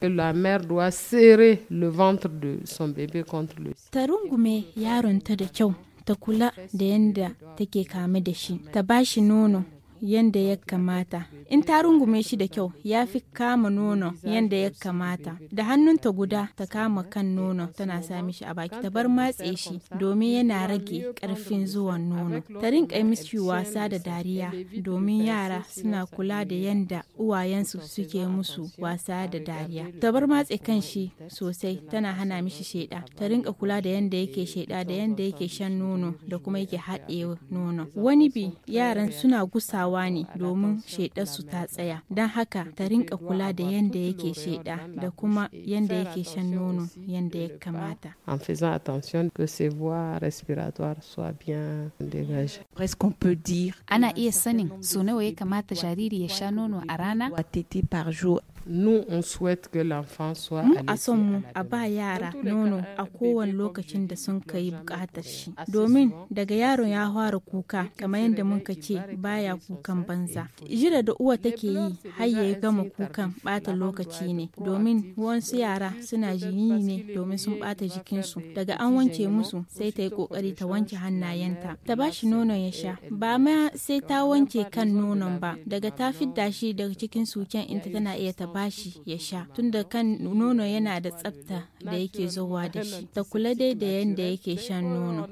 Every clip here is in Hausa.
que la mère doit serrer le ventre de son bébé contre le Ta rungume yaronta da kyau, ta kula da yadda take kame da shi, ta bashi nono Yanda ya kamata. In ta rungume shi da kyau ya fi kama nono yanda ya kamata. Da hannunta guda ta kama kan nono tana sa mishi a baki ta bar matse shi domin yana rage karfin zuwan nono. Ta rinka mishi wasa da dariya domin yara suna kula da yanda uwayensu suke musu wasa da dariya. Ta bar matse kan shi sosai tana hana mishi sheda. Ta rinka kula da yanda yake sheda da yanda yake shan nono da kuma yake haɗe nono. Wani bi yaran suna gusawa kulawa ne domin su ta tsaya don haka ta rinka kula da yadda yake shaida da kuma yadda yake shan nono yadda ya kamata en faisant attention que ses voies respiratoires soient bien dégagées presque peut dire ana iya sanin so nawa ya kamata jariri ya sha nono a rana par jour Nous, on souhaite que l'enfant soit Mu a son mu a ba yara nono a euh, kowane lokacin da sun kai bukatar shi. Domin daga yaron ya fara kuka kamar yadda muka ce baya kukan banza. Jira da uwa take yi har ya gama kukan bata lokaci ne domin wasu yara suna jini ne domin sun bata jikinsu daga an wanke musu sai ta yi kokari ta wanke hannayenta ta ba shi nonon ya sha ba ma sai ta wanke kan nonon ba daga ta fidda shi daga cikin suken inta tana iya taba bashi ya sha tunda kan nono yana da tsafta da yake zuwa da shi ta kula dai da yadda yake shan nono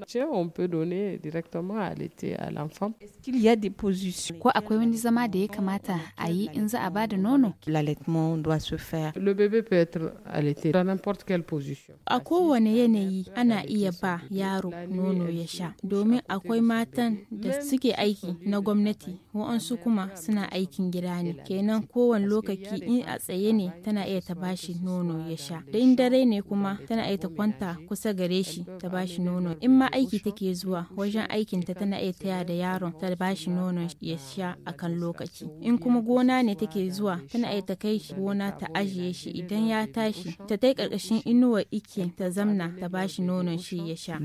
ko akwai wani zama da ya kamata a yi in za a ba da nono a kowane yanayi ana iya ba yaro nono ya sha domin akwai matan da suke aiki na gwamnati wa'ansu kuma suna aikin gida ne kenan kowane lokaci in a tsaye ne tana iya ta bashi nono ya sha da in dare ne kuma tana iya ta kwanta kusa gare shi ta bashi nono in ma aiki take zuwa wajen aikin ta tana iya taya da yaron ta bashi nono ya sha akan lokaci in kuma gona ne take zuwa tana iya ta kai shi gona ta ajiye shi idan ya tashi ta tai karkashin inuwar ike ta zamna ta bashi nono shi ya sha